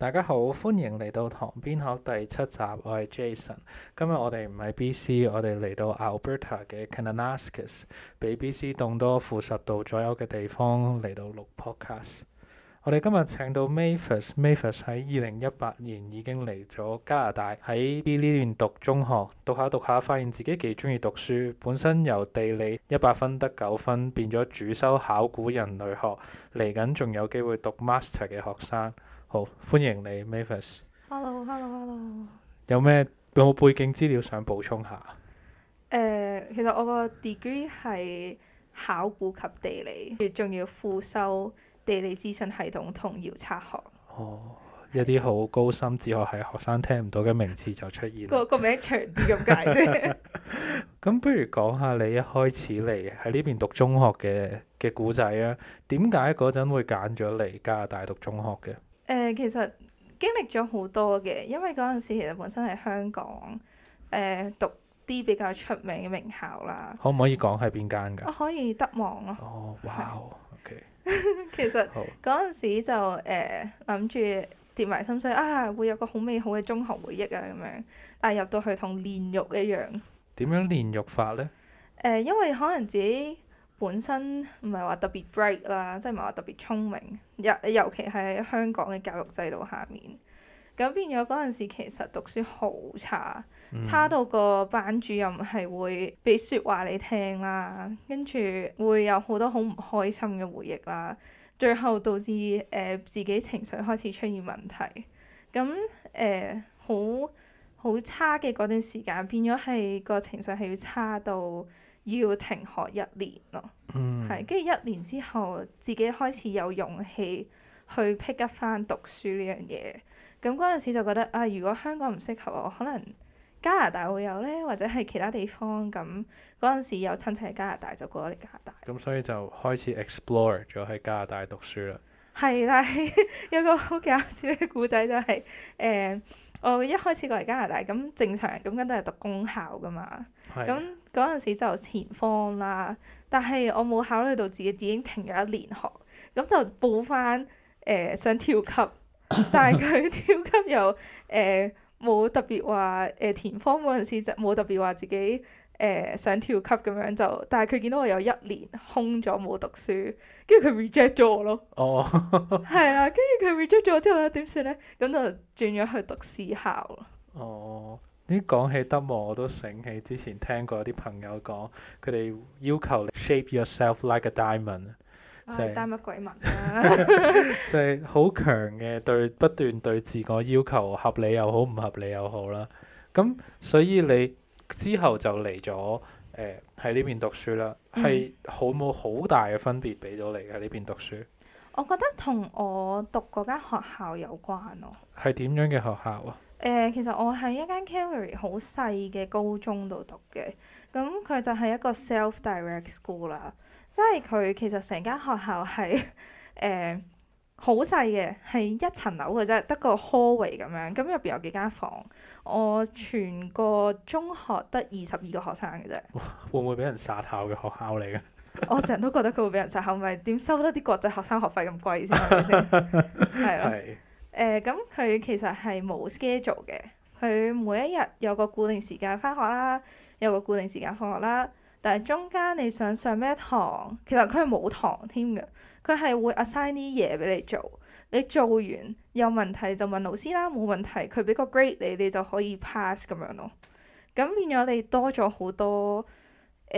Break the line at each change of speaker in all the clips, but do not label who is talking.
大家好，歡迎嚟到旁邊學第七集。我係 Jason。今日我哋唔係 B.C.，我哋嚟到 Alberta 嘅 Kananaskis，比 B.C. 凍多負十度左右嘅地方嚟到錄 podcast。我哋今日請到 Mavis，Mavis 喺二零一八年已經嚟咗加拿大喺 b 呢邊讀中學，讀下讀下發現自己幾中意讀書。本身由地理一百分得九分變咗主修考古人類學，嚟緊仲有機會讀 master 嘅學生。好，歡迎你，Mavis。
Hello，Hello，Hello hello,
hello。有咩有冇背景資料想補充下？
誒，uh, 其實我個 degree 係考古及地理，仲要副修地理資訊系統同遙測學。
哦，一啲好高深哲學系，只學係學生聽唔到嘅名詞就出現。個
個名長啲咁
解啫。咁不如講下你一開始嚟喺呢邊讀中學嘅嘅故仔啊？點解嗰陣會揀咗嚟加拿大讀中學嘅？
誒、呃、其實經歷咗好多嘅，因為嗰陣時其實本身係香港誒、呃、讀啲比較出名嘅名校啦。
可唔可以講係邊間㗎？我
可以德望咯、啊。
哦，哇！O K。
其實嗰陣好時就誒諗住跌埋心水啊，會有個好美好嘅中學回憶啊咁樣，但、啊、係入到去同煉獄一
樣。點樣煉獄法咧？
誒、呃，因為可能自己。本身唔係話特別 bright 啦，即係唔係話特別聰明。尤尤其喺香港嘅教育制度下面，咁變咗嗰陣時其實讀書好差，嗯、差到個班主任係會俾説話你聽啦，跟住會有好多好唔開心嘅回憶啦。最後導致誒、呃、自己情緒開始出現問題，咁誒好好差嘅嗰段時間變咗係個情緒係要差到，要停學一年咯，係跟住一年之後，自己開始有勇氣去 pick up 翻讀書呢樣嘢。咁嗰陣時就覺得啊，如果香港唔適合我，可能加拿大會有呢，或者係其他地方。咁嗰陣時有親戚喺加拿大，就過咗嚟加拿
大。咁所以就開始 explore 咗喺加拿大讀書啦。
係是的，但 有個好搞笑嘅故仔就係、係、誒。呃我一開始過嚟加拿大，咁正常人咁梗都係讀公校噶嘛。咁嗰陣時就填方啦，但係我冇考慮到自己已經停咗一年學，咁就報翻誒想跳級， 但係佢跳級又誒冇、呃、特別話誒填方嗰陣時就冇特別話自己。誒、呃、想跳級咁樣就，但係佢見到我有一年空咗冇讀書，跟住佢 reject 咗我咯。哦，係 啊，跟住佢 reject 咗我之後咧點算咧？咁就轉咗去讀私校咯。
哦，啲講起德望，我都醒起之前聽過有啲朋友講，佢哋要求 shape yourself like a diamond，即係
diamond 鬼文
啊，就係好強嘅對不斷對自我要求合理又好，唔合理又好啦。咁所以你。嗯之後就嚟咗誒喺呢邊讀書啦，係好冇好大嘅分別俾到你喺呢邊讀書。
我覺得同我讀嗰間學校有關
咯、啊。係點樣嘅學校
啊？誒、呃，其實我喺一間 Calgary 好細嘅高中度讀嘅，咁佢就係一個 self-direct school 啦，即係佢其實成間學校係誒。呃好細嘅，係一層樓嘅啫，得個 hallway 咁樣。咁入邊有幾間房，我全個中學得二十二個學生嘅啫。
會唔會俾人殺校嘅學校嚟嘅？
我成日都覺得佢會俾人殺校，咪點收得啲國際學生學費咁貴先？係咪
先？
係咯。誒，咁佢其實係冇 schedule 嘅。佢每一日有個固定時間返學啦，有個固定時間放學啦。但係中間你想上咩堂，其實佢係冇堂添嘅。佢係會 assign 啲嘢俾你做，你做完有問題就問老師啦，冇問題佢俾個 grade 你，你就可以 pass 咁樣咯。咁變咗你多咗好多誒、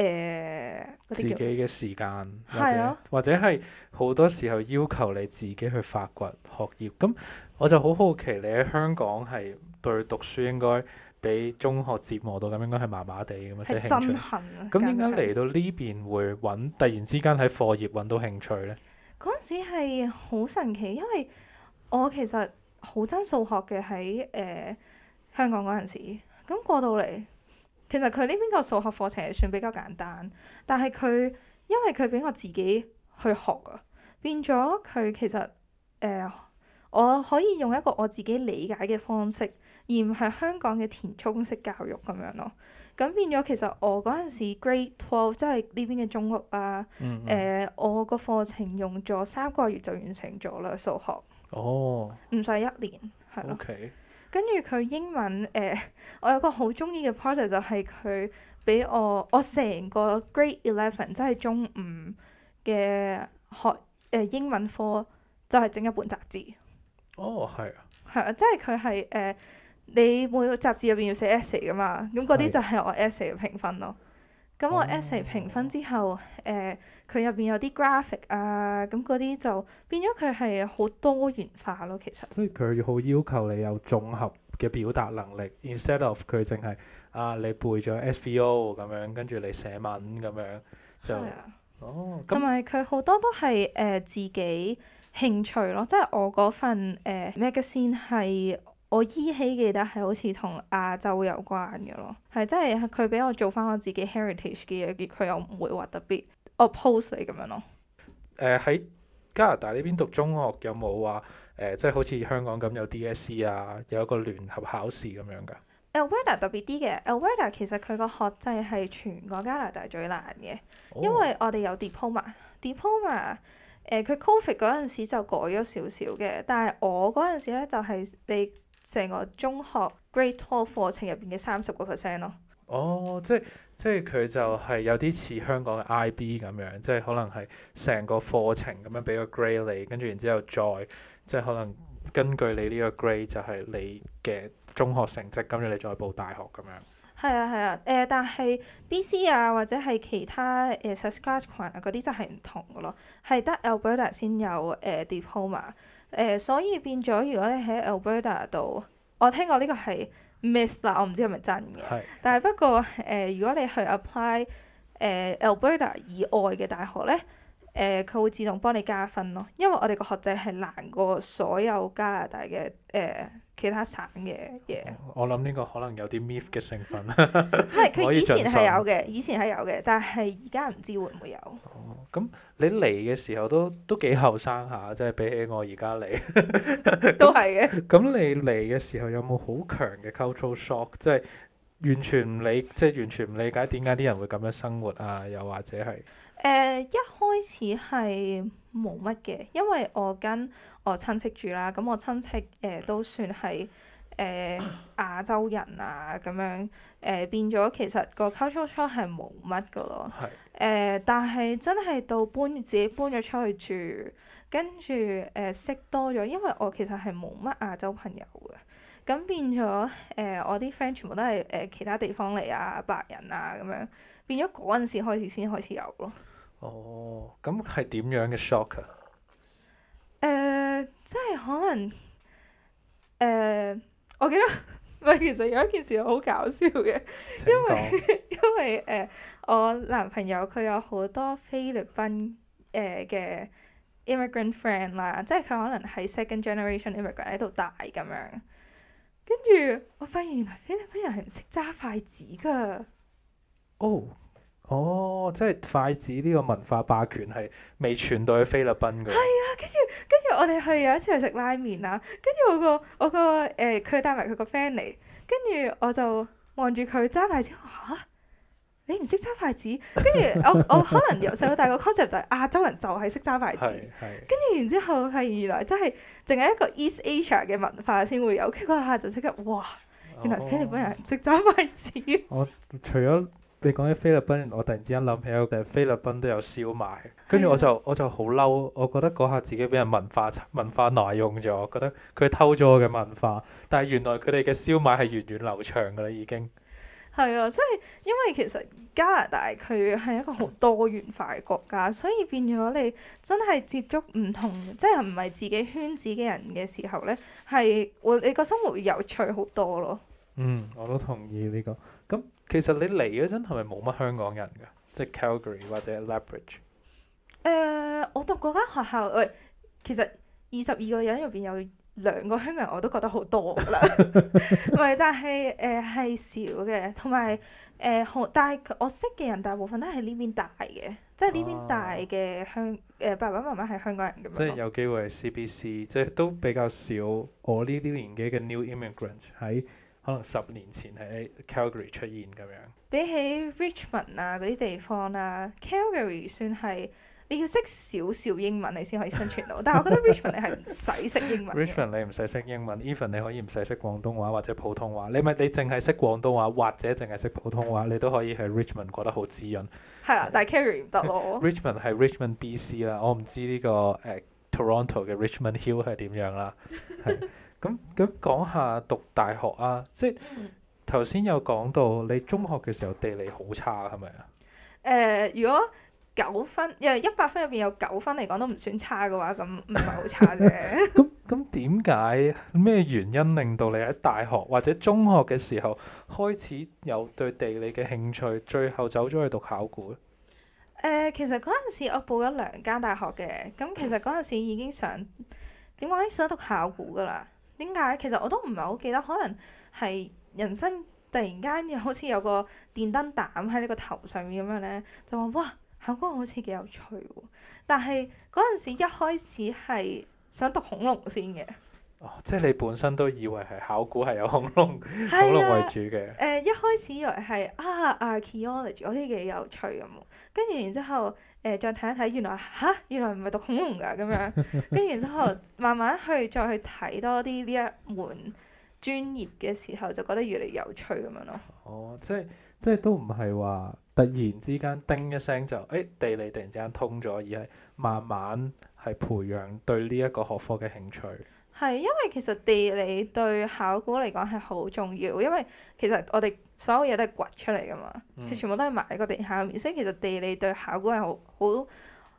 呃、自己
嘅時間，或者 或者係好多時候要求你自己去發掘學業。咁我就好好奇，你喺香港係對讀書應該俾中學折磨到咁，應該係麻麻地咁啊，即係真恨啊！咁點解嚟到呢邊會揾突然之間喺課業揾到興趣咧？
嗰陣時係好神奇，因為我其實好憎數學嘅，喺誒香港嗰陣時。咁過到嚟，其實佢呢邊個數學課程係算比較簡單，但係佢因為佢俾我自己去學啊，變咗佢其實誒、呃、我可以用一個我自己理解嘅方式，而唔係香港嘅填充式教育咁樣咯。咁變咗，其實我嗰陣時 Grade Twelve 即係呢邊嘅中六啊。誒、嗯嗯呃，我個課程用咗三個月就完成咗啦，數學哦，唔使一年係咯。Okay. 跟住佢英文誒、呃，我有個好中意嘅 project 就係佢俾我我成個 Grade Eleven 即係中五嘅學誒、呃、英文科，就係整一本雜誌。
哦，係啊，
係啊，即係佢係誒。呃你每個雜誌入邊要寫 essay 噶嘛？咁嗰啲就係我 essay 嘅評分咯。咁我 essay 評分之後，誒佢入邊有啲 graphic 啊，咁嗰啲就變咗佢係好多元化咯。其實，
所以佢要好要求你有綜合嘅表達能力，instead of 佢淨係啊你背咗 SVO 咁樣，跟住你寫文咁樣就、哎、呀哦。同埋佢
好多都係誒、呃、自己興趣咯，即係我嗰份誒 magazine 係。呃我依稀記得係好似同亞洲有關嘅咯，係真係佢俾我做翻我自己 heritage 嘅嘢，佢又唔會話特別 oppose 你咁樣
咯。喺、呃、加拿大呢邊讀中學有冇話誒，即係好似香港咁有 DSE 啊，有一個聯合考試咁樣㗎
？Alberta、oh. 特別啲嘅 Alberta 其實佢個學制係全個加拿大最難嘅，oh. 因為我哋有 diploma，diploma 誒佢、呃、covid 嗰陣時就改咗少少嘅，但係我嗰陣時咧就係、是、你。成個中學 grade all 課程入邊嘅三十個 percent 咯。哦、
oh，即係即係佢就係有啲似香港嘅 IB 咁樣，即係可能係成個課程咁樣俾個 grade 你，跟住然之後再即係可能根據你呢個 grade 就係你嘅中學成績，跟住你再報大學咁樣。
係啊係啊，誒、啊呃、但係 BC 啊或者係其他誒 subscription、呃、啊嗰啲就係唔同㗎咯，係得 Alberta 先有誒 diploma。呃誒、呃，所以變咗，如果你喺 Alberta 度，我聽過呢個係 myth 啦，我唔知係咪真嘅。是但係不過誒、呃，如果你去 apply 誒、呃、Alberta 以外嘅大學咧，誒、呃、佢會自動幫你加分咯，因為我哋個學制係難過所有加拿大嘅誒、呃、其他省嘅嘢。
我諗呢個可能有啲 myth 嘅成分。係，佢以前係有嘅，
以前係有嘅，但係而家唔知會唔會有。
咁你嚟嘅時候都都幾後生下，即係比起我而家嚟， 那都係嘅。咁你嚟嘅時候有冇好強嘅 cultural shock？即係完全唔理，即係完全唔理解點解啲人會咁樣生活啊？又或者係
誒、呃，一開始係冇乜嘅，因為我跟我親戚住啦。咁我親戚誒、呃、都算係。誒、呃、亞洲人啊，咁樣誒、呃、變咗，其實個 culture shock 係冇乜㗎囉。係、呃。但係真係到搬自己搬咗出去住，跟住誒、呃、識多咗，因為我其實係冇乜亞洲朋友嘅，咁變咗誒、呃、我啲 friend 全部都係誒、呃、其他地方嚟啊，白人啊咁樣，變咗嗰陣時開始先開始有囉。哦，
咁係點樣嘅 shock 啊？誒、
呃，即係可能誒。呃我記得，唔係 其實有一件事好搞笑嘅，說，因為因為誒我男朋友佢有好多菲律賓誒嘅、呃、immigrant friend 啦，即係佢可能係 second generation immigrant 喺度大咁樣，跟住我發現原來菲律賓人係唔識揸筷子㗎。
Oh. 哦，即係筷子呢個文化霸權係未傳到去菲律賓嘅。係啊，
跟住跟住我哋去有一次去食拉麵啊。跟住我個我個誒佢帶埋佢個 friend 嚟，跟住我就望住佢揸筷子，嚇、啊、你唔識揸筷子？跟住我我，我可能由細到大個 concept 就係、是、亞洲人就係識揸筷子，跟住然之後係原來真係淨係一個 East Asia 嘅文化先會有，佢嗰下就即刻哇，原來菲律賓人唔識揸筷子。
哦、我除咗。你講起菲律賓，我突然之間諗起一個嘅菲律賓都有燒賣，跟住我就我就好嬲，我覺得嗰下自己俾人文化文化挪用咗，我覺得佢偷咗我嘅文化。但係原來佢哋嘅燒賣係源遠流長噶啦，已經
係啊，所以因為其實加拿大佢係一個好多元化嘅國家，所以變咗你真係接觸唔同，即係唔係自己圈子嘅人嘅時候咧，係會你個生活會有趣好多咯。
嗯，我都同意呢個咁。其實你嚟嗰陣係咪冇乜香港人㗎？即 Calgary 或者 Lethbridge？
誒，我讀嗰間學校，喂，其實二十二個人入邊有兩個香港人，我都覺得好多㗎啦。唔係， 但係誒係少嘅，同埋誒，但係我識嘅人大部分都係呢邊大嘅，啊、即係呢邊大嘅香誒，爸爸媽媽係香港人咁樣。即係
有機會係 CBC，即係都比較少。我呢啲年紀嘅 New Immigrant 喺。可能十年前喺 Calgary 出現咁樣，
比起 Richmond 啊嗰啲地方啊 Calgary 算係你要識少少英文你先可以生存到。 但係我覺得 Richmond 你係唔使識英文。
Richmond 你唔使識英文，Even 你可以唔使識廣東話或者普通話，你咪你淨係識廣東話或者淨係識普通話，你都可以喺 Richmond 過得好滋潤。
係 啊，但係 Calgary 唔得咯。
Richmond 係 Richmond B.C. 啦，我唔知呢、呢個誒。呃 Toronto 嘅 Richmond Hill 係點樣啦？係咁咁講下讀大學啊！即係頭先有講到你中學嘅時候地理好差係咪啊？
誒、呃，如果九分因為一百分入邊有九分嚟講都唔算差嘅話，咁唔係好差嘅
咁咁點解咩原因令到你喺大學或者中學嘅時候開始有對地理嘅興趣，最後走咗去讀考古咧？
誒、呃，其實嗰陣時我報咗兩間大學嘅，咁其實嗰陣時已經想點講咧，想讀考古㗎喇。點解？其實我都唔係好記得，可能係人生突然間又好似有個電燈膽喺呢個頭上面咁樣咧，就話哇，考古好似幾有趣喎。但係嗰陣時一開始係想讀恐龍先嘅。
哦，即係你本身都以為係考古係有恐龍、 恐龍為主嘅、啊。誒、
呃，一開始以為係啊 archaeology 我覺得幾有趣咁。跟住然之後，誒、呃，再睇一睇，原來嚇、啊，原來唔係讀恐龍㗎咁樣。跟住然之後，慢慢去再去睇多啲呢一門專業嘅時候，就覺得越嚟越有趣咁樣咯。
哦，即係即係都唔係話突然之間叮一聲就，誒、哎，地理突然之間通咗，而係慢慢係培養對呢一個學科嘅興趣。
係，因為其實地理對考古嚟講係好重要，因為其實我哋所有嘢都係掘出嚟㗎嘛，佢、嗯、全部都係埋喺個地下面。所以其實地理對考古係好好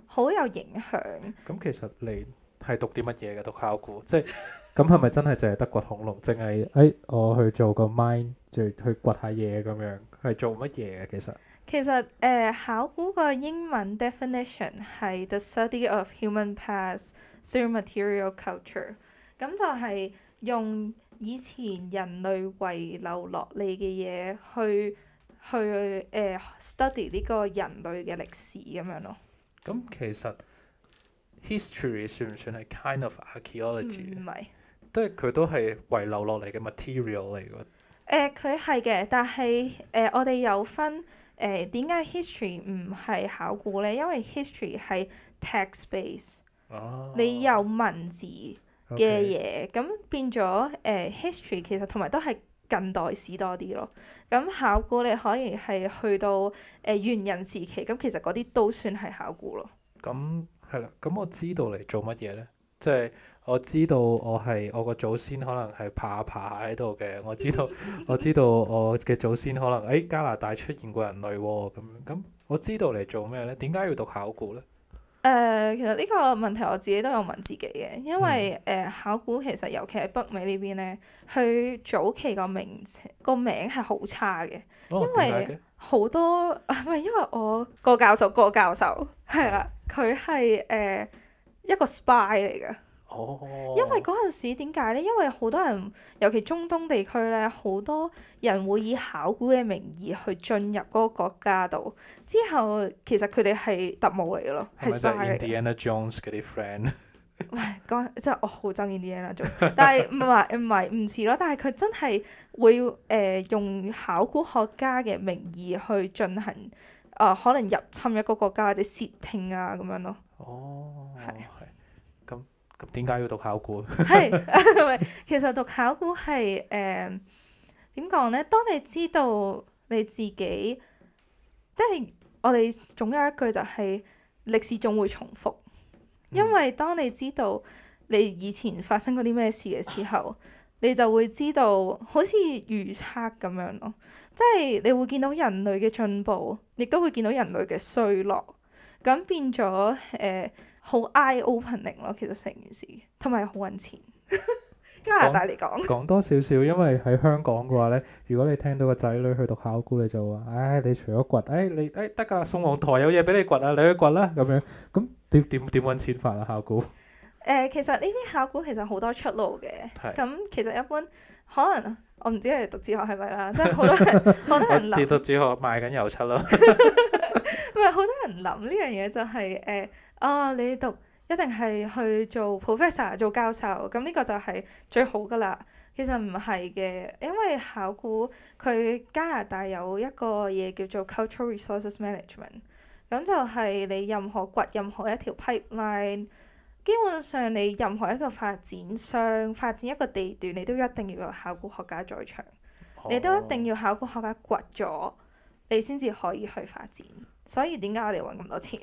好有影
響。咁、嗯、其實你係讀啲乜嘢嘅？讀考古，即係咁係咪真係淨係得掘恐龍？淨係誒，我去做個 mind 就去掘下嘢咁樣，係做乜嘢嘅？其實
其實誒、呃，考古個英文 definition 係 the study of human past through material culture。咁、嗯、就係、是、用以前人類遺留落嚟嘅嘢去去誒、呃、study 呢個人類嘅歷史咁樣咯。
咁其實 history 算唔算係 kind of archaeology？唔係是。都係佢都係遺留落嚟嘅 material 嚟㗎。
誒佢係嘅，但係誒、呃、我哋有分誒點、呃、解 history 唔係考古咧？因為 history 係 text based 哦。你有文字。嘅嘢咁變咗誒、呃、history 其實同埋都係近代史多啲咯。咁、嗯、考古你可以係去到誒猿、呃、人時期，咁其實嗰啲都算係考古咯。
咁係啦，咁、嗯、我知道嚟做乜嘢咧？即、就、係、是、我知道我係我個祖先可能係爬下爬下喺度嘅。我知道我知道我嘅祖先可能誒、哎、加拿大出現過人類喎。咁、嗯、咁、嗯嗯、我知道嚟做咩咧？點解要讀考古咧？
誒、呃，其實呢個問題我自己都有問自己嘅，因為誒、嗯呃、考古其實尤其喺北美呢邊咧，佢早期個名個名係好差嘅，因為好多啊，唔係，因為我個教授個教授係啦，佢係誒一個 spy 嚟嘅。哦、因為嗰陣時點解咧？因為好多人，尤其中東地區咧，好多人會以考古嘅名義去進入嗰個國家度。之後其實佢哋係特務嚟嘅咯，係咪不 是？就
Indiana Jones 嗰啲 friend？
喂，講 真，我好憎 Indiana Jones，但係唔係唔係唔似咯？但係佢真係會誒、呃、用考古學家嘅名義去進行誒、呃、可能入侵一個國家或者竊聽啊咁樣咯。哦，係。
點解要讀考古？係
其實讀考古係誒點講咧？當你知道你自己，即係我哋總有一句就係歷史總會重複，因為當你知道你以前發生過啲咩事嘅時候，嗯、你就會知道好似預測咁樣咯。即係你會見到人類嘅進步，亦都會見到人類嘅衰落。咁變咗誒。呃好 eye opening 咯，其實成件事，同埋好搵錢。加拿大嚟
講，講多少少，因為喺香港嘅話咧，如果你聽到個仔女去讀考古，你就話，唉、哎，你除咗掘，誒、哎，你誒、哎、得噶？宋王台有嘢俾你掘啊，你去掘啦，咁樣，咁點點點搵錢法啊？考古，
誒、呃，其實呢啲考古其實好多出路嘅，咁是其實一般可能我唔知係讀哲學系咪啦，即係好多人好多人
讀哲學賣緊油漆咯。
因為好多人諗呢樣嘢就係、是、誒啊、哦、你讀一定係去做 professor 做教授咁，呢個就係最好噶啦，其實唔係嘅，因為考古佢加拿大有一個嘢叫做 cultural resources management，咁就係你任何掘任何一條 pipeline，基本上你任何一個發展商發展一個地段，你都一定要有考古學家在場，oh。你都一定要考古學家掘咗。你先至可以去發展，所以點解我哋要揾咁多錢？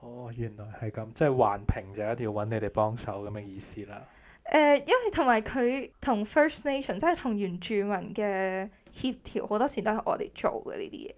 哦，原來係咁，即係環評就一定要揾你哋幫手咁嘅意思啦。
誒、呃，因為同埋佢同 First Nation，即係同原住民嘅協調，好多時都係我哋做嘅呢啲嘢。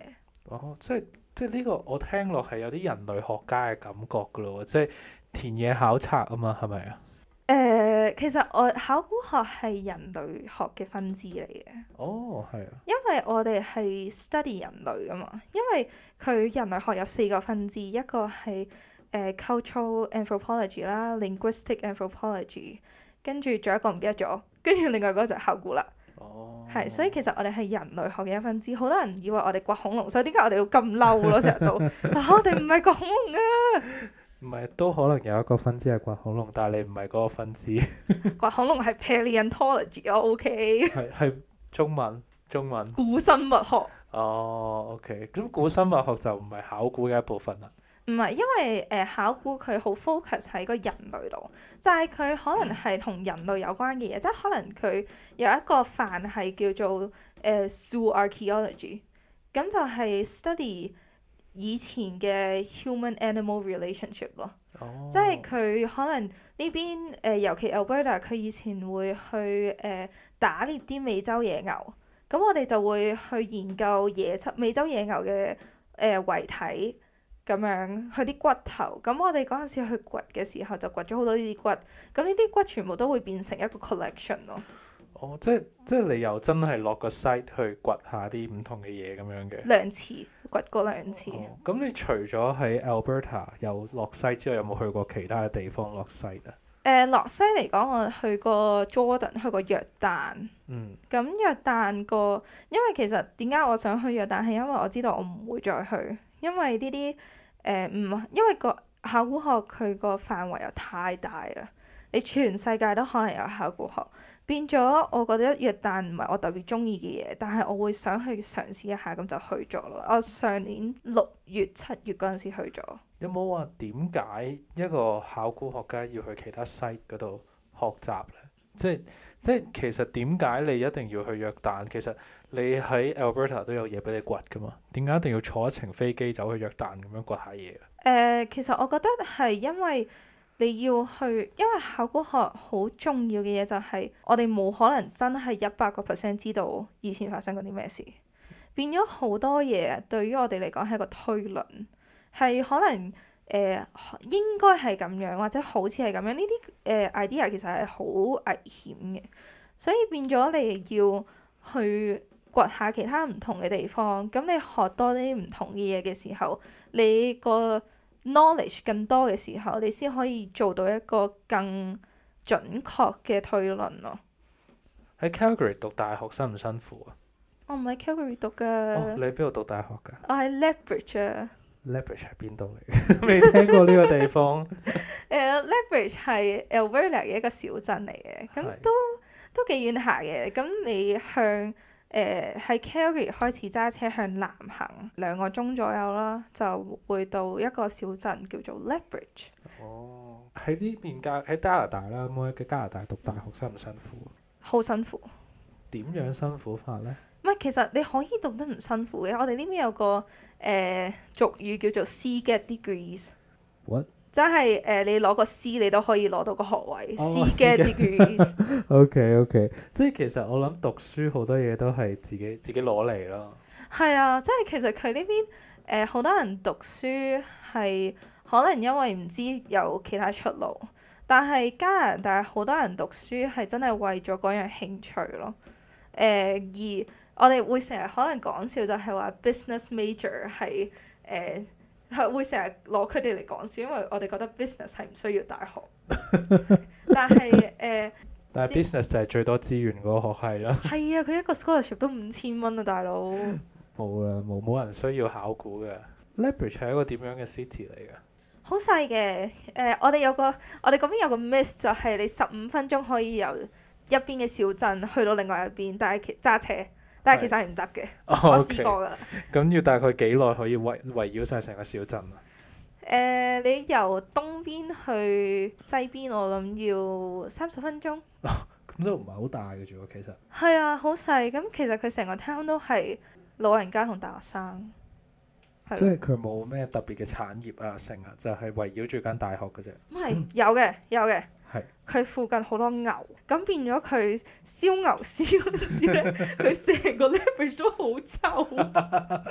哦，即係即係呢個，我聽落係有啲人類學家嘅感覺噶咯，即係田野考察啊嘛，係咪啊？
誒、呃，其實我考古學係人類學嘅分支嚟嘅。哦，
係啊。
因為我哋係 study 人類噶嘛，因為佢人類學有四個分支，一個係誒、呃、cultural anthropology 啦，linguistic anthropology，跟住仲有一個唔記得咗，跟住另外嗰個就係考古啦。哦。係，所以其實我哋係人類學嘅一分支，好多人以為我哋掘恐龍，所以點解我哋要咁嬲咯？成日都，我哋唔係掘恐龍啊！
唔係，都可能有一個分支係掘恐龍，但係你唔係嗰個分支。
掘恐龍係 Paleontology 啊，OK。係
係中文，中文。古生物學。哦、oh，OK。咁古生物學就唔係考古嘅一部分啦。
唔係，因為誒、呃、考古佢好 focus 喺個人類度，就係、是、佢可能係同人類有關嘅嘢，嗯、即係可能佢有一個範係叫做誒 zoo、uh, archaeology，咁就係 study。以前嘅 human animal relationship 咯，oh. 即係佢可能呢邊誒，尤其 Alberta 佢以前會去誒、呃、打獵啲美洲野牛，咁、嗯、我哋就會去研究野七美洲野牛嘅誒、呃、遺體，咁樣佢啲骨頭，咁、嗯、我哋嗰陣時去掘嘅時候就掘咗好多呢啲骨，咁呢啲骨全部都會變成一個 collection 咯。
哦，即係、嗯、即係你又真係落個 site 去掘下啲唔同嘅嘢咁樣嘅。兩
次，掘過兩次。
咁、哦、你除咗喺 Alberta 又落 site 之外，有冇去過其他嘅地方落、呃、site
啊？誒，落 site 嚟講，我去過 Jordan，去過約旦。嗯。咁約旦個，因為其實點解我想去約旦，係因為我知道我唔會再去，因為呢啲誒唔，因為個考古學佢個範圍又太大啦。你全世界都可能有考古學，變咗我覺得約旦唔係我特別中意嘅嘢，但係我會想去嘗試一下，咁就去咗啦。我上年六月、七月嗰陣時去咗。
有冇話點解一個考古學家要去其他 site 嗰度學習咧？即係即係其實點解你一定要去約旦？其實你喺 Alberta 都有嘢俾你掘㗎嘛？點解一定要坐一程飛機走去約旦咁樣掘下嘢？
誒、呃，其實我覺得係因為。你要去，因為考古學好重要嘅嘢就係，我哋冇可能真係一百個 percent 知道以前發生過啲咩事，變咗好多嘢對於我哋嚟講係一個推論，係可能誒、呃、應該係咁樣，或者好似係咁樣，呢啲誒、呃、idea 其實係好危險嘅，所以變咗你要去掘下其他唔同嘅地方，咁你學多啲唔同嘅嘢嘅時候，你個 knowledge 更多嘅時候，你先可以做到一個更準確嘅推論咯。
喺 Calgary 讀大學辛唔辛苦啊？
我唔喺 Calgary 讀嘅、哦。
你喺邊度讀大學噶？
我喺 Lethbridge。啊。
Lethbridge 係邊度嚟？未聽過呢個地方。
誒，Lethbridge 係 Alberta 嘅一個小鎮嚟嘅，咁的都都幾遠下嘅。咁你向。誒喺、呃、Kelowna 開始揸車向南行兩個鐘左右啦，就會到一個小鎮叫做 Leverage。
哦，喺呢邊加喺加拿大啦，咁喺嘅加拿大讀大學辛唔辛苦啊？好辛苦。點樣辛苦法咧？
唔係，其實你可以讀得唔辛苦嘅。我哋呢邊有個誒、呃、俗語叫做 C get degrees。What? 真係誒，你攞個 C 你都可以攞到個學位，oh，C degree。
OK，OK，即係其實我諗讀書好多嘢都係自己自己攞嚟咯。
係啊，即係其實佢呢邊誒好、呃、多人讀書係可能因為唔知有其他出路，但係加拿大好多人讀書係真係為咗嗰樣興趣咯。誒、呃，而我哋會成日可能講笑就係話 business major 係誒。呃係會成日攞佢哋嚟講笑，因為我哋覺得 business 係唔需要大學。 但係誒，呃、
但係 business 也就係最多資源嗰個學系啦。係
啊，佢一個 scholarship 都五千蚊啊，大佬。
冇啊， 冇冇人需要考古嘅。Leicester 係一個點樣嘅 city 嚟嘅？
好細嘅。誒、呃，我哋有個我哋嗰邊有個 myth 就係你十五分鐘可以由一邊嘅小鎮去到另外一邊，但係揸車。但係其實係唔得嘅，oh, okay. 我試過㗎。
咁 要大概幾耐可以圍圍繞晒成個小鎮啊？
誒、呃，你由東邊去西邊，我諗要三十分鐘。
咁都唔係好大嘅啫喎，其實。
係 啊，好細。咁其實佢成個 town 都係老人家同大學生。即係佢
冇咩特別嘅產業啊，成日就係、是、圍繞住間大學嗰啫。
唔係有嘅，有嘅。係。佢、嗯、附近好多牛，咁變咗佢燒牛屎嗰陣時咧，佢成 個 Leverage 都好臭。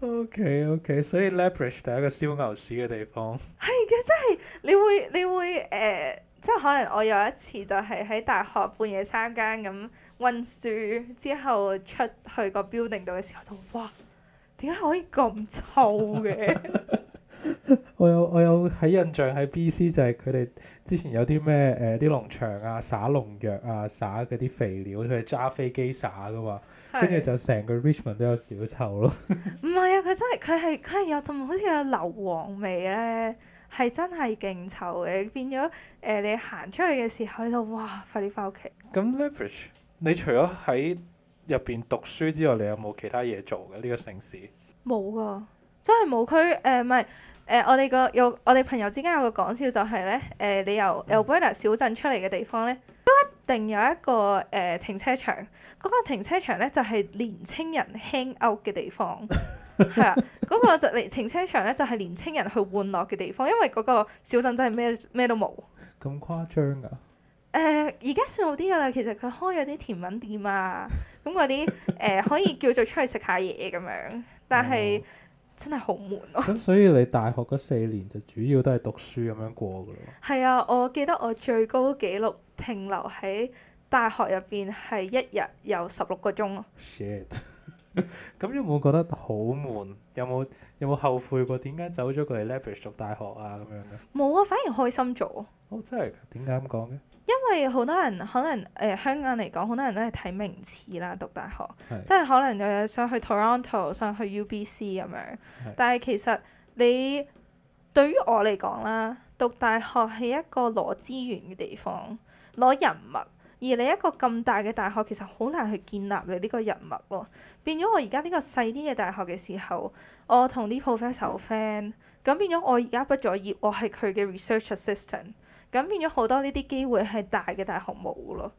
O K O K，所以 Leverage 就係第一個燒牛屎嘅地方。
係嘅，真係你會你會誒、呃，即係可能我有一次就係喺大學半夜三更咁温書之後出去個 building 度嘅時候就哇！點解可以咁臭嘅 ？
我有我有喺印象喺 BC 就係佢哋之前有啲咩誒、啲農場啊，灑農藥啊，灑嗰啲肥料，佢哋揸飛機灑噶嘛，
跟住是就
成個 Richmond 都有少臭咯。
唔係啊，佢真係佢係佢係有陣好似有硫磺味咧，係真係勁臭嘅。變咗誒、呃，你行出去嘅時候你就哇，快啲翻屋企。
咁 Leverage，你除咗喺入邊讀書之外，你有冇其他嘢做嘅呢、這個城市？
冇㗎、啊，真係冇區誒，唔係誒。我哋個有我哋朋友之間有個講笑、就是，就係咧誒，你由 Alberta 小鎮出嚟嘅地方咧，都、呃、一定有一個誒、呃、停車場。嗰、那個停車場咧就係年青人 hang out 嘅地方，係啦、 啊。嗰、那個就嚟停車場咧就係年青人去玩樂嘅地方，因為嗰個小鎮真係咩咩都冇
咁誇張㗎、啊。
誒而家算好啲㗎啦，其實佢開咗啲甜品店啊。 咁嗰啲誒可以叫做出去食下嘢咁樣，但係、oh. 真係好悶咯、啊。咁
所以你大學嗰四年就主要都係讀書咁樣過噶咯？
係 啊，我記得我最高紀錄停留喺大學入邊係一日有十六個鐘
咯。Shit！咁 有冇覺得好悶？有冇有冇後悔過點解走咗過嚟 Leverage 讀大學啊咁樣嘅？
冇啊，反而開心咗。
哦、oh，真係點解咁講嘅？
因為好多人可能誒、呃、香港嚟講，好多人都係睇名次啦，讀大學，是的 即係可能又有想去 Toronto，想去 UBC 咁樣。是的 但係其實你對於我嚟講啦，讀大學係一個攞資源嘅地方，攞人脈。而你一個咁大嘅大學，其實好難去建立你呢個人脈咯。變咗我而家呢個細啲嘅大學嘅時候，我同啲 professor 好 friend，咁變咗我而家畢咗業，我係佢嘅 research assistant。咁變咗好多呢啲機會係大嘅大學冇咯。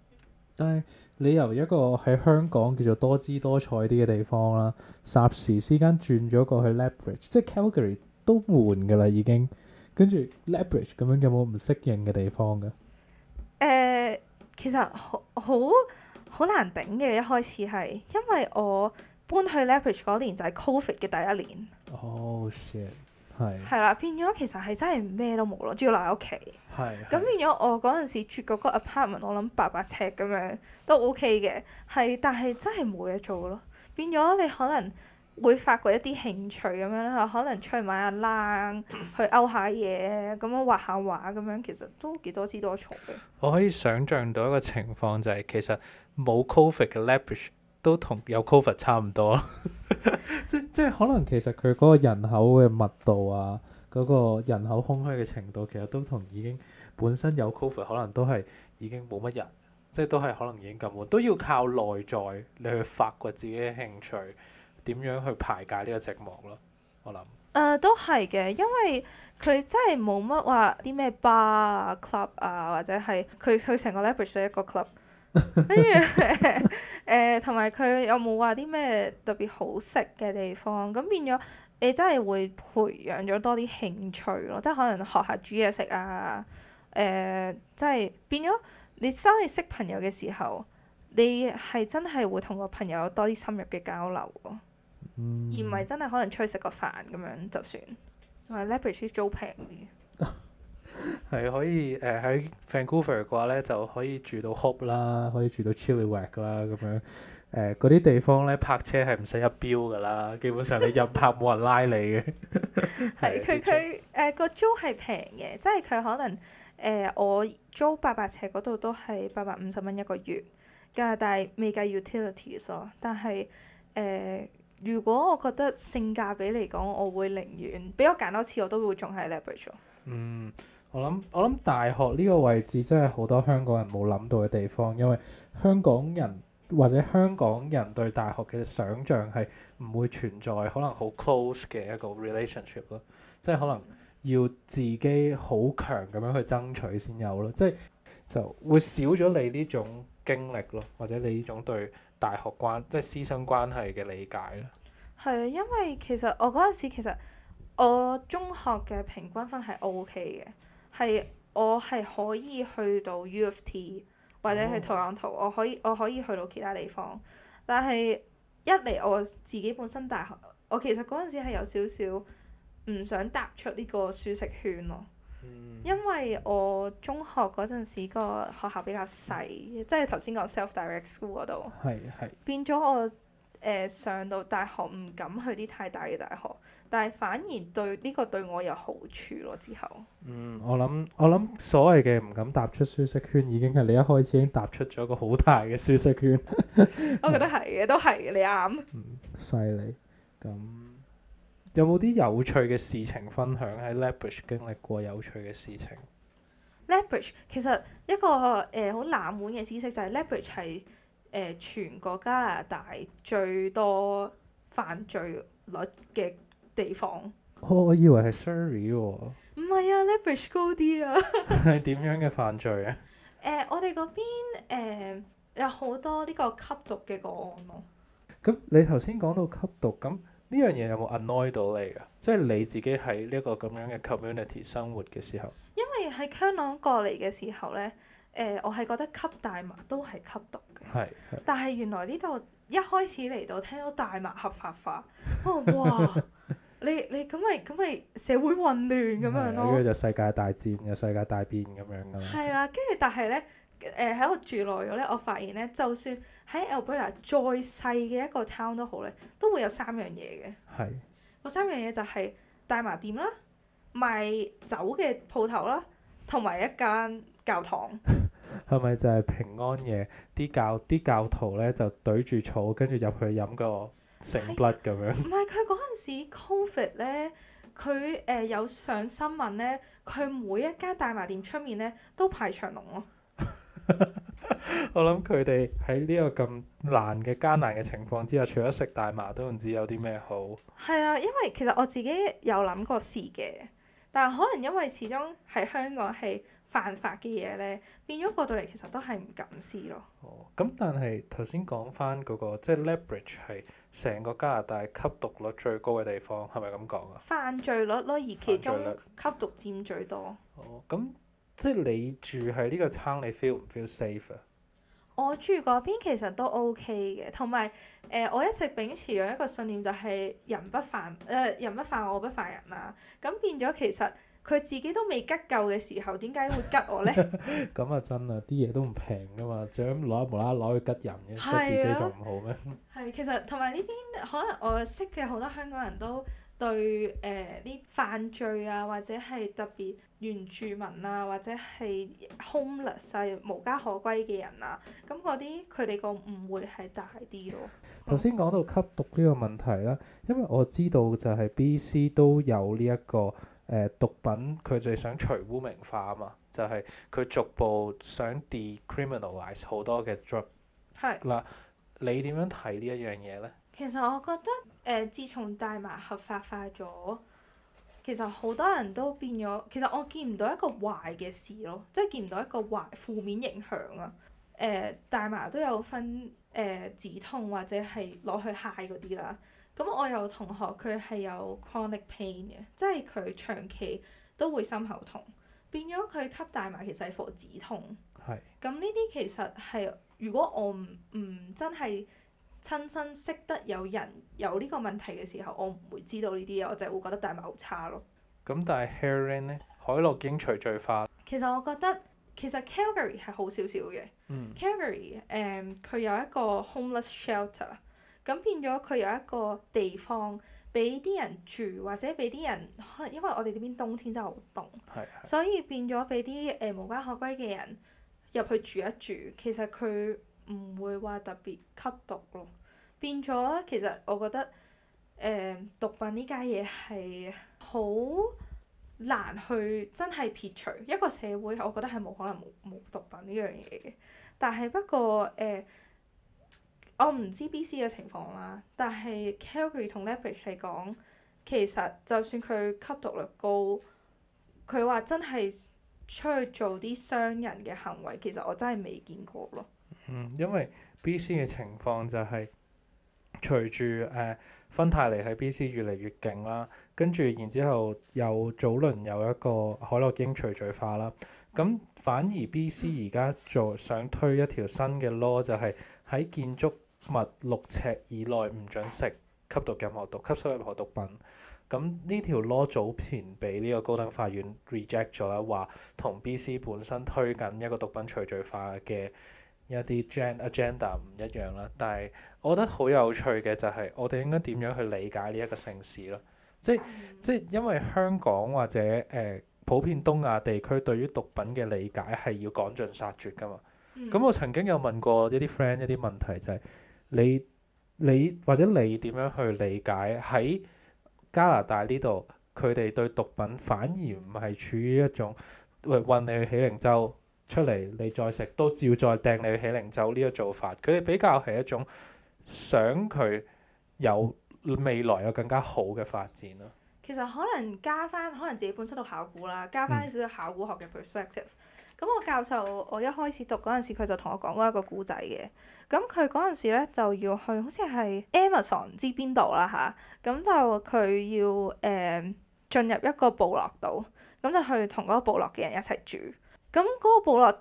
但係你由一個喺香港叫做多姿多彩啲嘅地方啦，霎時之間轉咗過去 Leverage，即係 Calgary 都悶嘅啦已經。跟住 Leverage 咁樣有冇唔適應嘅地方㗎？誒、
呃，其實好好好難頂嘅一開始係，因為我搬去 Leverage 嗰年就係 COVID 嘅第一年。
Oh shit！係
係啦，變咗其實係真係咩都冇咯，主要留喺屋企。係。咁變咗我嗰陣時住嗰個 apartment，我諗八百尺咁樣都 OK 嘅，係，但係真係冇嘢做咯。變咗你可能會發掘一啲興趣咁樣啦，可能出去買下冷，去勾下嘢，咁樣畫下畫咁樣，其實都幾多姿多采嘅。
我可以想像到一個情況就係其實冇 covid 嘅 l a b r i s h 都同有 cover 差唔多 即，即即係可能其實佢嗰個人口嘅密度啊，嗰、嗰個人口空虛嘅程度，其實都同已經本身有 cover 可能都係已經冇乜人，即係都係可能已經咁，都要靠內在你去發掘自己嘅興趣，點樣去排解呢個寂寞咯，我諗。誒、
呃，都係嘅，因為佢真係冇乜話啲咩 bar 啊、bar, club 啊，或者係佢佢成個 language 都係一個 club。跟住，誒同埋佢有冇話啲咩特別好食嘅地方？咁變咗，你真係會培養咗多啲興趣咯。即係可能學下煮嘢食啊，誒、嗯，即係變咗你新嚟識朋友嘅時候，你係真係會同個朋友多啲深入嘅交流咯，嗯、而唔係真係可能出去食個飯咁樣就算，同埋咧比租平啲。
係可以誒喺、呃、Vancouver 嘅話咧，就可以住到 Hope 啦，可以住到 Chilliwack 啦咁樣。誒嗰啲地方咧泊車係唔使入標㗎啦，基本上你入泊冇人拉你嘅。 係
佢佢誒個租係平嘅，即係佢可能誒、呃、我租八百尺嗰度都係八百五十蚊一個月㗎，但係未計 utilities 咯。但係誒、呃、如果我覺得性價比嚟講，我會寧願俾我揀多次，我都會仲喺 Leverage 咯。嗯。
我諗，我諗大學呢個位置真係好多香港人冇諗到嘅地方，因為香港人或者香港人對大學嘅想像係唔會存在可能好 close 嘅一個 relationship 咯，即係可能要自己好強咁樣去爭取先有咯，即係就會少咗你呢種經歷咯，或者你呢種對大學關即係師生關係嘅理解咯。
係啊，因為其實我嗰陣時其實我中學嘅平均分係 OK 嘅。係我係可以去到 U of T 或者去 Toronto，我可以我可以去到其他地方。但係一嚟我自己本身大學，我其實嗰陣時係有少少唔想踏出呢個舒適圈咯，mm. 因為我中學嗰陣時個學校比較細，即係頭先個 self direct school 嗰度、
mm.
變咗我。誒、呃、上到大學唔敢去啲太大嘅大學，但係反而對呢、這個對我有好處咯。之後，
嗯，我諗我諗所謂嘅唔敢踏出舒適圈，嗯、已經係你一開始已經踏出咗個好大嘅舒適圈。
我覺得係嘅，都係你啱。嗯，
犀利。咁、嗯、有冇啲有，有趣嘅事情分享喺 Lethbridge 經歷過有趣嘅事情
Lethbridge 其實一個誒好冷門嘅知識就係 Lethbridge 係。誒、呃，全國加拿大最多犯罪率嘅地方、
哦。我以為係 Surrey 喎。
唔係啊 Lethbridge 高啲啊。
係點、啊、 樣嘅犯罪啊？誒、
呃，我哋嗰邊、呃、有好多呢個吸毒嘅個案咯、啊。
咁你頭先講到吸毒，咁呢樣嘢有冇 annoy 到你㗎？即係你自己喺呢一個咁樣嘅 community 生活嘅時候。
因為喺香港過嚟嘅時候咧。誒、呃，我係覺得吸大麻都係吸毒
嘅，
但係原來呢度一開始嚟到聽到大麻合法化，哇！ 你你咁咪咁咪社會混亂咁樣咯？跟住
就世界大戰嘅世界大變咁樣噶嘛？係
啦，跟、呃、住但係咧，誒喺度住耐咗咧，我發現咧，就算喺 Alberta 再細嘅一個 town 都好咧，都會有三樣嘢嘅。
係的，
嗰三樣嘢就係大麻店啦、賣酒嘅鋪頭啦，同埋一間教堂。
係咪就係平安夜？啲教啲教徒咧就懟住草跟住入去飲個聖血咁樣，啊？
唔係佢嗰陣時 COVID 咧，佢誒、呃、有上新聞咧，佢每一間大麻店出面咧都排長龍咯。
我諗佢哋喺呢個咁難嘅艱難嘅情況之下，除咗食大麻都唔知有啲咩好。
係啊，因為其實我自己有諗過事嘅，但係可能因為始終喺香港係。犯法嘅嘢咧，變咗過到嚟其實都係唔敢試咯。哦，
咁但係頭先講翻嗰個即係 Lethbridge 係成個加拿大吸毒率最高嘅地方，係咪咁講啊？
犯罪率咯，而其中吸毒佔最多。哦，
咁、嗯嗯、即係你住喺呢個區，你 feel 唔 feel safer？
我住嗰邊其實都 OK 嘅，同埋誒我一直秉持有一個信念就係人不犯誒、呃、人不犯我我不犯人啊，咁變咗其實。佢自己都未拮夠嘅時候，點解會拮我咧？
咁啊 真啊，啲嘢都唔平噶嘛，就咁攞一無啦攞去拮人嘅，是啊、自己仲唔好咩？
係其實同埋呢邊可能我識嘅好多香港人都對誒啲、呃、犯罪啊，或者係特別原住民啊，或者係 homeless、啊、無家可歸嘅人啊，咁嗰啲佢哋個誤會係大啲咯。
頭先講到吸毒呢個問題啦，因為我知道就係 B.C. 都有呢、這、一個。誒、呃、毒品佢就想除污名化啊嘛，就係、是、佢逐步想 decriminalize 好多嘅 drug。係是。嗱，你點樣睇呢一樣嘢咧？
其實我覺得誒、呃，自從大麻合法化咗，其實好多人都變咗。其實我見唔到一個壞嘅事咯，即係見唔到一個壞負面影響啊。誒、呃，大麻都有分誒、呃、止痛或者係攞去 high 嗰啲啦。咁、嗯、我有同學佢係有 chronic pain 嘅，即係佢長期都會心口痛，變咗佢吸大麻其實係防止痛。係是。咁呢啲其實係如果我唔唔真係親身識得有人有呢個問題嘅時候，我唔會知道呢啲嘢，我就係會覺得大麻好差咯。
咁但係 heroin 咧，海洛因除罪化。
其實我覺得其實 Calgary 係好少少嘅。Calgary、嗯、誒、嗯、佢有一個 homeless shelter。咁變咗佢有一個地方俾啲人住，或者俾啲人可能因為我哋呢邊冬天真係好凍，是的 所以變咗俾啲誒無家可歸嘅人入去住一住。其實佢唔會話特別吸毒咯。變咗其實我覺得誒、呃、毒品呢家嘢係好難去真係撇除一個社會，我覺得係冇可能冇冇毒品呢樣嘢嘅。但係不過誒。呃我唔知 B.C. 嘅情況啦，但係 Calgary 同 Lethbridge 嚟講，其實就算佢吸毒率高，佢話真係出去做啲傷人嘅行為，其實我真係未見過咯。嗯，
因為 B.C. 嘅情況就係隨住誒芬太尼喺 B.C. 越嚟越勁啦，跟住然之後又早輪有一個海洛英除罪化啦，咁反而 B.C. 而家做想推一條新嘅 law，就係喺建築物六尺以內唔準食，吸毒任何毒，吸收任何毒品。咁呢條 law 早前俾呢個高等法院 reject 咗啦，話同 B.C. 本身推緊一個毒品除罪化嘅一啲 agenda 唔一樣啦。但係我覺得好有趣嘅就係我哋應該點樣去理解呢一個城市？咯。即係、嗯、即係因為香港或者誒、呃、普遍東亞地區對於毒品嘅理解係要趕盡殺絕㗎嘛。咁、嗯、我曾經有問過一啲 friend 一啲問題、就是，就係。你你或者你點樣去理解喺加拿大呢度，佢哋對毒品反而唔係處於一種，喂，運你去喜靈州出嚟，你再食都照再掟你去喜靈州呢個做法，佢哋比較係一種想佢有未來有更加好嘅發展咯。
其實可能加翻可能自己本身都考古啦，加翻少少考古學嘅 perspective，嗯。咁我教授我一開始讀嗰陣時，佢就同我講過一個故仔嘅。咁佢嗰陣時咧就要去，好似係 Amazon 唔知邊度啦嚇。咁、啊、就佢要誒、呃、進入一個部落度，咁就去同嗰個部落嘅人一齊住。咁嗰個部落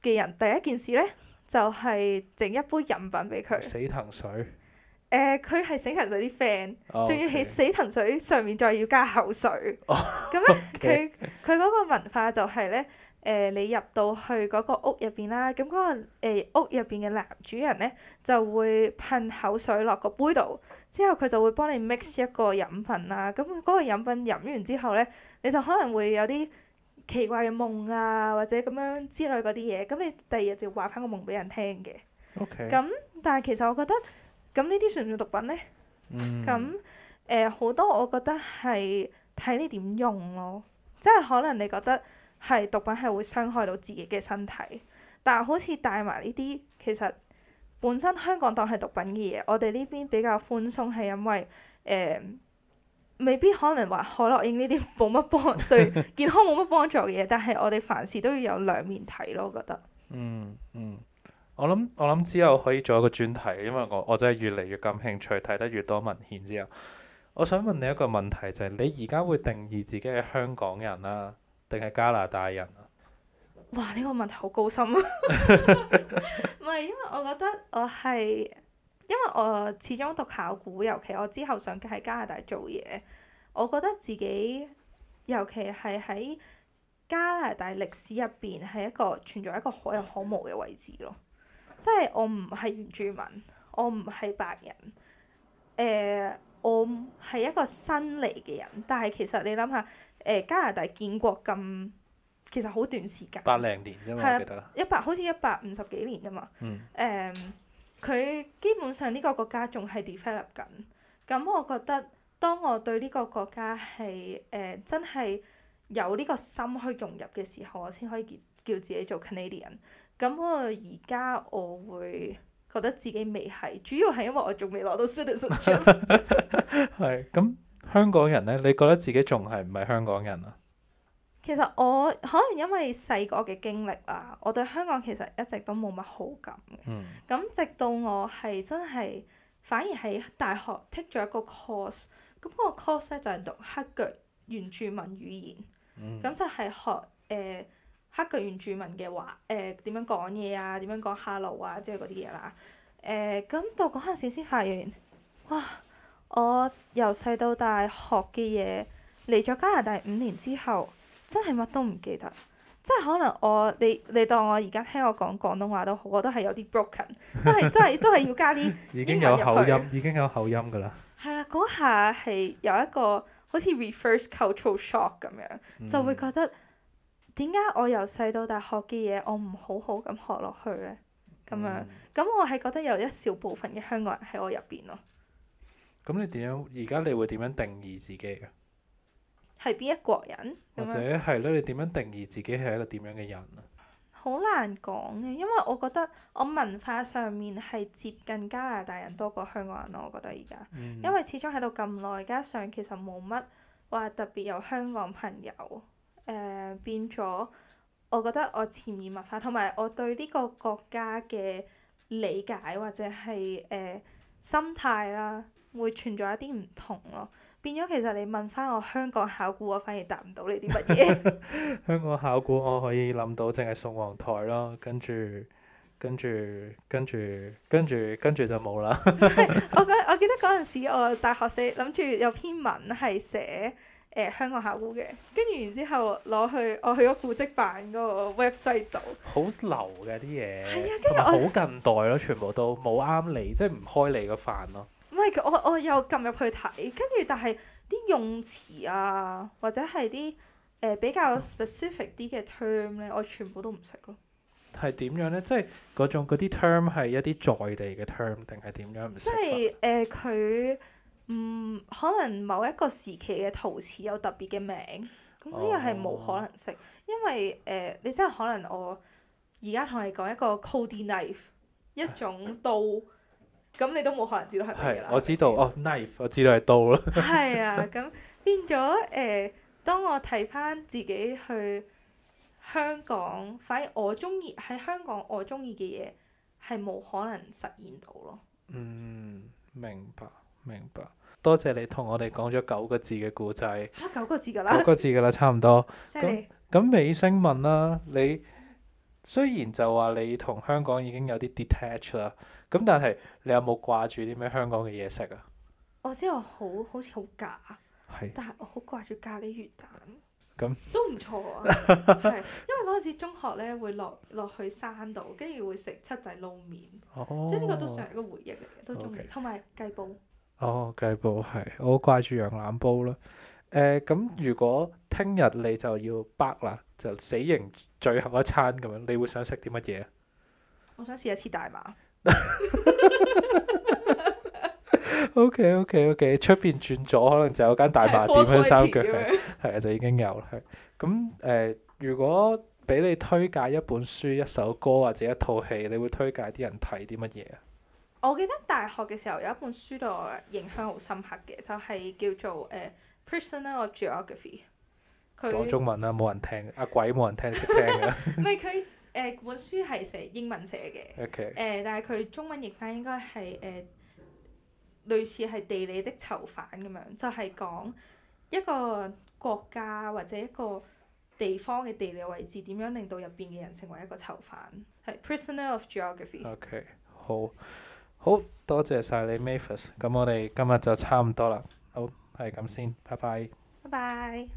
嘅人第一件事咧就係、是、整一杯飲品俾佢。
死藤水。
誒、呃，佢係死藤水啲粉，仲要喺死藤水上面再要加口水。
咁咧、oh, okay. 那，佢
佢嗰個文化就係咧。誒、呃，你入到去嗰個屋入邊啦，咁嗰、嗰個、呃、屋入邊嘅男主人咧就會噴口水落個杯度，之後佢就會幫你 mix 一個飲品啦。咁嗰個飲品飲完之後咧，你就可能會有啲奇怪嘅夢啊，或者咁樣之類嗰啲嘢。咁你第二日就要話翻個夢俾人聽嘅。OK。咁但係其實我覺得咁呢啲算唔算毒品咧？嗯、mm.。咁誒好多我覺得係睇你點用咯，即係可能你覺得。係毒品係會傷害到自己嘅身體，但係好似帶埋呢啲其實本身香港當係毒品嘅嘢，我哋呢邊比較寬鬆係因為誒、呃、未必可能話海洛英呢啲冇乜幫對健康冇乜幫助嘅嘢， 但係我哋凡事都要有兩面睇咯。我覺得嗯
嗯，我諗我諗之後可以做一個專題，因為我我真係越嚟越感興趣，睇得越多文獻之後，我想問你一個問題，就係、是、你而家會定義自己係香港人啦。定係加拿大人
啊？哇，呢個問題好高深啊！唔 係因為我覺得我係，因為我始終讀考古，尤其我之後想喺加拿大做嘢，我覺得自己尤其係喺加拿大歷史入邊係一個存在一個可有可無嘅位置咯。即係我唔係原住民，我唔係白人，誒、呃，我係一個新嚟嘅人。但係其實你諗下。誒、呃、加拿大建國咁，其實好短時間，八
零年啫嘛，係啊，一
百記好似一百五十幾年噶嘛。誒、嗯呃，佢基本上呢個國家仲係 develop 緊。咁、嗯、我覺得，當我對呢個國家係誒、呃、真係有呢個心去融入嘅時候，我先可以叫自己做 Canadian、嗯。咁我而家我會覺得自己未係，主要係因為我仲未攞到 citizenship
係咁。 香港人咧，你覺得自己仲係唔係香港人啊？
其實我可能因為細個嘅經歷啦，我對香港其實一直都冇乜好感嘅。咁、嗯、直到我係真係反而喺大學剔咗一個 course，咁個 course 咧就係讀黑腳原住民語言。咁、嗯、就係學誒、呃、黑腳原住民嘅話誒點、呃、樣講嘢啊，點樣講 hello 啊之類嗰啲嘢啦。誒、呃、咁到嗰陣時先發現，哇！我由細到大學嘅嘢，嚟咗加拿大五年之後，真係乜都唔記得。即係可能我你你當我而家聽我講廣東話都好，我都係有啲 broken，真都係都係都係要加啲英文入去
已經有口音，已經有口音㗎啦。
係啦，嗰下係有一個好似 reverse cultural shock 咁樣，就會覺得點解、嗯、我由細到大學嘅嘢，我唔好好咁學落去咧？咁樣咁、嗯、我係覺得有一小部分嘅香港人喺我入邊咯。
咁你點樣而家你會點樣定義自己嘅？
係邊一國人？或者
係咯？你點樣定義自己係一個點樣嘅人啊？
好難講嘅，因為我覺得我文化上面係接近加拿大人多過香港人咯。我覺得而家、嗯、哼因為始終喺度咁耐，加上其實冇乜話特別有香港朋友誒、呃、變咗。我覺得我潛移默化同埋我對呢個國家嘅理解或者係誒、呃、心態啦。會存在一啲唔同咯，變咗其實你問翻我香港考古，我反而答唔到你啲乜嘢。
香港考古我可以諗到淨係宋皇台咯，跟住跟住跟住跟住跟住就冇啦 。
我覺得我，我記得嗰陣時，我大學寫諗住有篇文係寫誒香港考古嘅，跟住然之後攞去我、哦、去咗古蹟辦個 website 度，
好流嘅啲嘢，啊，同埋好近代咯，啊，全部都冇啱你，即係唔開你個飯咯。
Like, 我我又撳入去睇，跟住但係啲用詞啊，或者係啲誒比較 specific 啲嘅 term 咧，我全部都唔識咯。
係點樣咧？即係嗰種嗰啲 term 係一啲在地嘅 term 定係點樣唔識？即
係誒佢嗯可能某一個時期嘅陶瓷有特別嘅名，
咁呢個係冇可能
識，哦、因為誒、呃、你真係可能我而家同你講一個 Cody knife，一種刀、哎。咁你都冇可能知道係咩啦？我
知道哦、oh,，knife，我知道係刀啦。係
啊，咁變咗誒、呃，當我睇翻自己去香港，反而我中意喺香港我中意嘅嘢係冇可能實現到
咯。嗯，明白明白，多謝你同我哋講咗九個字嘅故仔。嚇、啊，九
個字㗎啦。九個
字㗎啦，差唔多。犀利 害。咁尾聲問啦，你雖然就話你同香港已經有啲 detach 啦。咁但係你有冇掛住啲咩香港嘅嘢食啊？
我知我好好似好假，係是，但係我好掛住咖喱魚蛋，咁那都唔錯啊！係， 因為嗰陣時中學咧會落落去山度，跟住會食七仔撈麵，哦、即係呢個都算係一個回憶嚟嘅，都中意，同埋雞煲。
哦，雞煲係，我好掛住羊腩煲啦。誒、呃，咁如果聽日你就要北啦，就死刑最後一餐咁樣，你會想食啲乜嘢？
我想試一次大馬。
O K O K O K，出邊轉咗，可能就有間大麻店喺 三腳嘅，係啊， 就已經有啦。咁誒、呃，如果俾你推介一本書、一首歌或者一套戲，你會推介啲人睇啲乜嘢啊？
我記得大學嘅時候有一本書度我影響好深刻嘅，就係、是、叫做《誒 Prisoners of Geography》。講中文
啦、啊，冇人聽，阿、啊、鬼冇人聽，識聽嘅。咪
誒、uh, 本書係寫英文寫嘅，誒 Okay.、uh, 但係佢中文譯翻應該係誒、uh, 類似係地理的囚犯咁樣，就係、是、講一個國家或者一個地方嘅地理位置點樣令到入邊嘅人成為一個囚犯，係 Prisoner of Geography。
OK，好，好多謝晒你 Mavis，咁我哋今日就差唔多啦，好，係咁先，拜拜。
拜拜。